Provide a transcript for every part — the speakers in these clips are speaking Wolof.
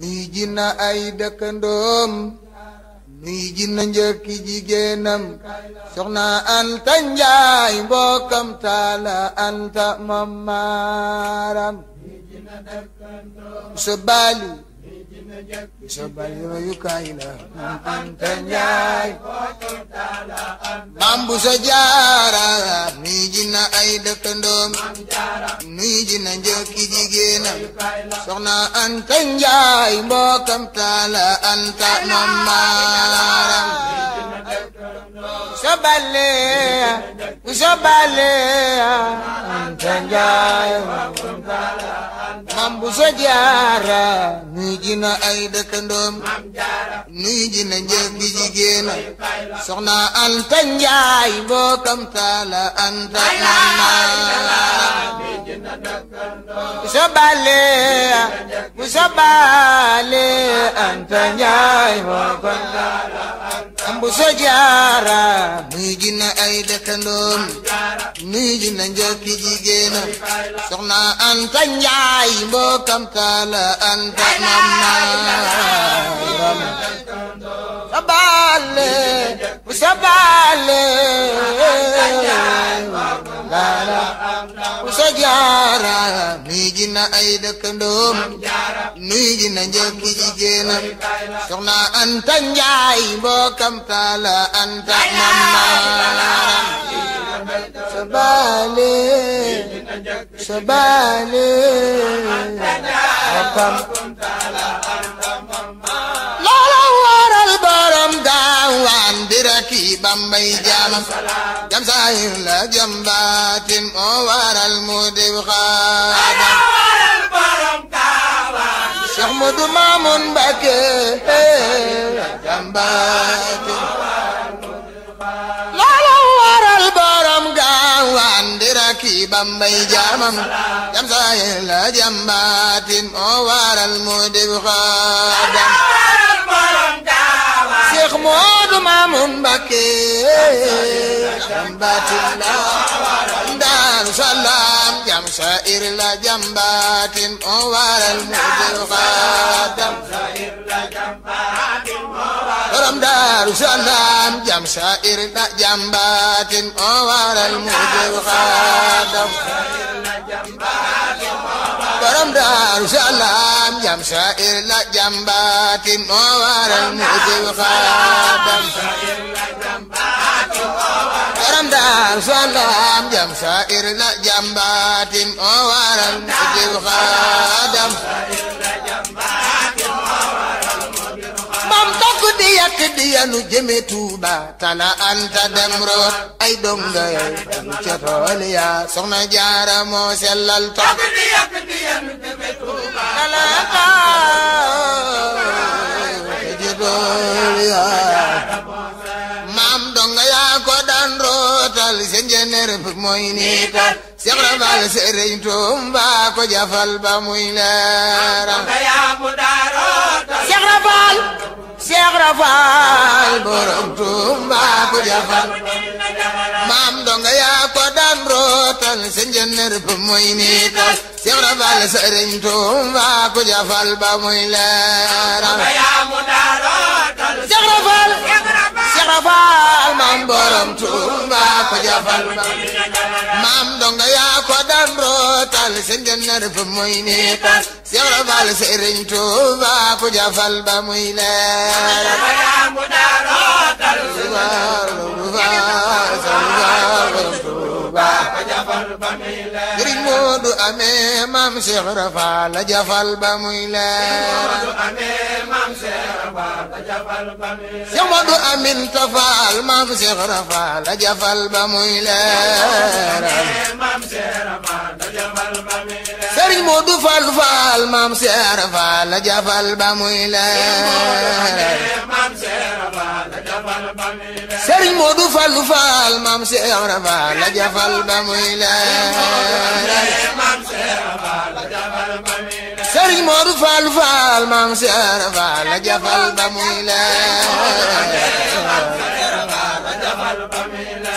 nuy ji ay dëkkandoom nuy ji na njëkki jigéenam soxna anta njaay mbokkam taala anta mamaram sa baali sobal yooyu kaay la anta njaay maam bu sa jaara nuy ji na ay dëkkandoom nuy na njëkki jigéenam anta njaay mbokkam taala anta mam maaram sobale bu sobale anta njaay mam bu jaara nuy na ay dëkkandoom nuy ji na njëg bi jigéena soxna anta njaay bokkam taala anta bu sa baale bu anta njaay bokkam taala Samb Sojaara nuyu ji na ay dëkkandoom nuyu ji na njokki jigéena Anta Njaay mbokkam taala Anta nam naa sabaale sabaale jaara nuy ji na ay dëkkandoom nuy ji na njëkki jigéenam soxna anta njaay mbokkam taala anta mamaaram sabaale sabaale mbokkam kii bambay jaamam jam saayir la jam baatin moo waral mu dib xaadam Cheikh Modou Mamoun Mbacké jam baatin loolu waral borom gaawaan dira kii bambay jaamam jam saayir la jam baatin moo waral mu dib xaadam Moodu Maamun Mbakke jàmbaatin la Daaru Salaam jam saa'ir la jàmbaatin moo waral mu jël xaatam borom Daaru Salaam jam saa'ir la jàmbaatin moo waral mu jël xaatam borom daaru jam saa'ir la jambaati waral mu jiw yanu jëme Tuuba tala anta dem root moo sellal toog tala anta ca tool maam donga yaa ko daan rootal seen jeneer mooy niita Seex Rafal ko jafal ba muy leera Seex Cheikh Rafal borom Tuuba ku jafal maam donga yaa ko daan rootal sa njënër ba muy nii tas Cheikh Rafal sëriñ Tuuba ku jafal ba muy leeral Cheikh Rafal jafal maam borom Tuuba ko jafal maam donga yaa ko daan rootal sa jannar fa muy neetal Seex Ibra Faal Sëriñ Tuuba ko jafal ba muy leer Sëriñ Moodu amee maam Cheikh Rafa la jafal ba muy leer Sëriñ Moodu amin tafal maam Cheikh Rafa la jafal ba muy leer Sëriñ Moodu fal fal maam Cheikh Rafa la jafal ba muy leer sëriñ Modou Fallou Fall maam Cheikh Ibra Fall la jafal ba muy leer sëriñ Modou Fallou Fall maam Cheikh Ibra Fall la jafal ba muy leer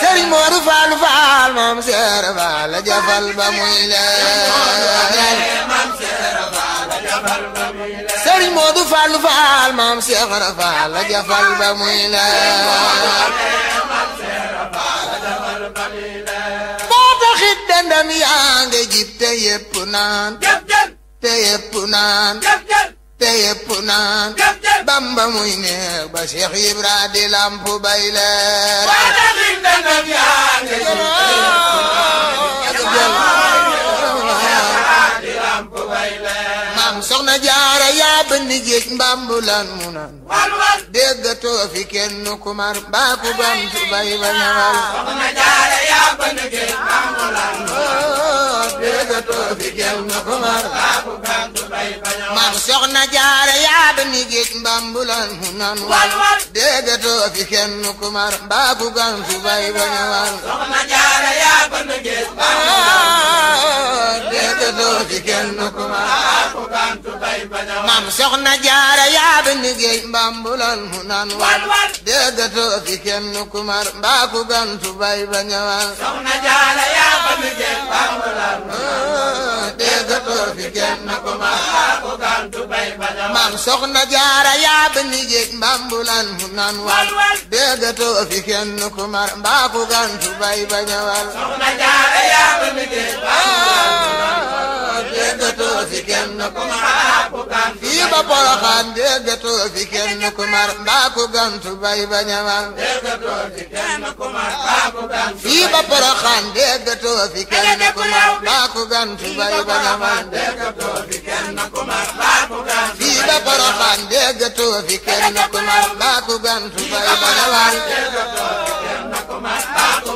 sëriñ Modou Fallou Fall maam Cheikh Ibra Fall la jafal ba muy leer Sëriñ Modou Fallou Fall maam Cheikh Ibra Fall la jafal ba muy la moo taxit dendam yaa jib te yëpp naan te yëpp naan te yëpp naan Bamba muy neex soxna jaara yaa ba ni géej mu naan déggatoo maam soxna jaara yaaba liggéey mbambulan mu nan wal déggatoo fi kenn kumar mbaa gantu bay ba ñëwal ah, gantu bay ba ñëwal gantu bay ba déggatoo fi kenn ku mar fii ba Porokhane déggatoo fi kenn ku mar mbaa ku gantu bay ba ñamal fii ba Porokhane déggatoo fi kenn ku mar mbaa ku gantu bay ba ñamal fii ba Porokhane déggatoo fi kenn ku mar mbaa ku gantu bay ba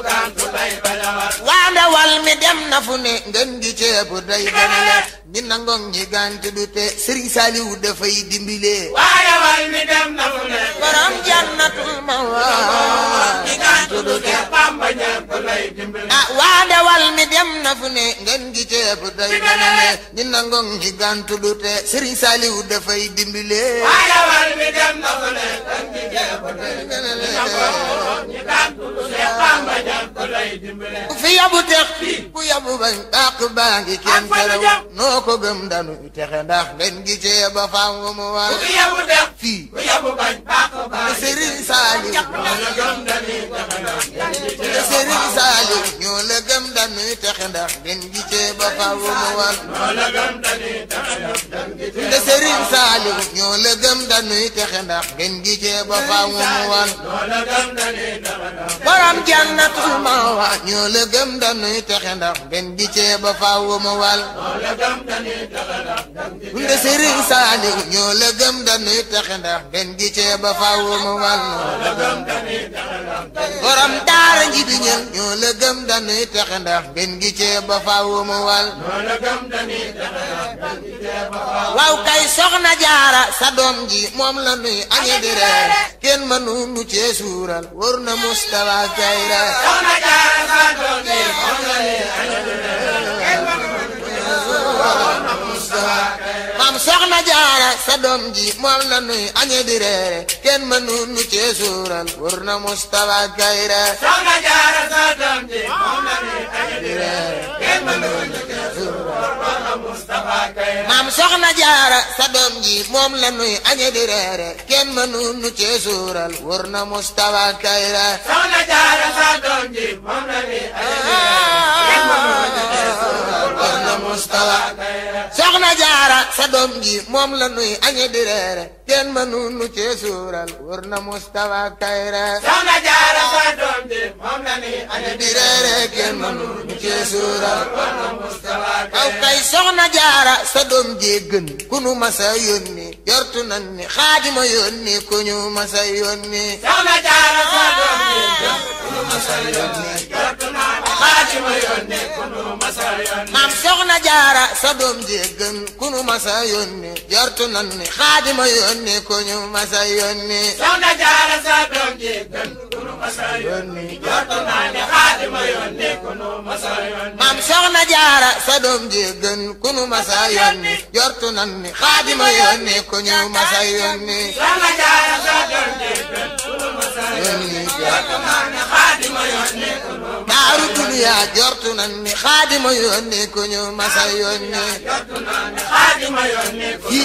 ñamal ne dem na fu ne ngeen gi ceeb day ganale ñi nangoog ñi gànt du te Serigne Saliou dafay dimbilee waaye wal mi dem na fu ne borom jannatul mawaa ñi gànt du te Bamba ñepp lay dimbilee ah waade wal mi dem na fu ne ngeen gi ceeb day ganale ñi nangoog ñi gànt du te Serigne Saliou dafay dimbilee waaye wal mi dem na fu ne ngeen gi ceeb day ganale ñi nangoog ñi gànt du te Bamba ñepp lay dimbilee fi yabu tex ku yablu bañ dàq baa ngi kenn terew noo ko gëm danu texe ndax len gi cee ba faam mu war ku yablu def fii ku yablu bañ dàq baa ngi Saliou ñoo la gëm dañuy texe ndax te Serigne Saliou ñoo la gëm dañuy texe gi cee ba faaw mu wan te wal ñoo la gëm texe ndax den gi ba faaw mu wal borom daara nji bi ñëw ñoo la gëm texe ndax benn gi cee ba faaw mu kay soxna jaara sa doom ji moom la nuy añee di reer nu cee suural wër na Mustafa soxna jaara sa ji moom nuy añee soxna jaara sa doom ji moom la nuy añe di reere kenn mënu nu cee na Mustafa Kayre soxna jaara sa ji moom la nuy añe di reere kenn mënu nu cee na Mustafa Kayre maam jaara sa ji moom la nuy añe di ak ji moom la nuy añe di reere kenn mënu nu cee suural na Mustafa Kayre. Soxna Jaara sa ji moom la nuy añe di reere kenn mënu nu cee suural na Mustafa Kayre. aw kay Soxna Jaara sa ji gën ku nu masa yónni jortu nañ ni Xaadima yónni ku ñu masa yónni. Soxna Jaara sa ji gën ku nu masa sa doom jee gën ku nu masa yónni jortu nan ni xaadima yónni ku ñu masa yónni soxna jaara sa doom jee gën ku nu masa yónni jortu nan ni xaadima yónni ku nu masa yónni maam soxna jaara sa doom jee gën ku nu masa yónni jortu nan ni xaadima yónni ku ñu masa yónni soxna jaara sa doom jee gën ku nu masa yónni jortu nan ni xaadima yónni ku nu daaru duniya jortu nan ni xaadima yónnee ko ñu masa yónnee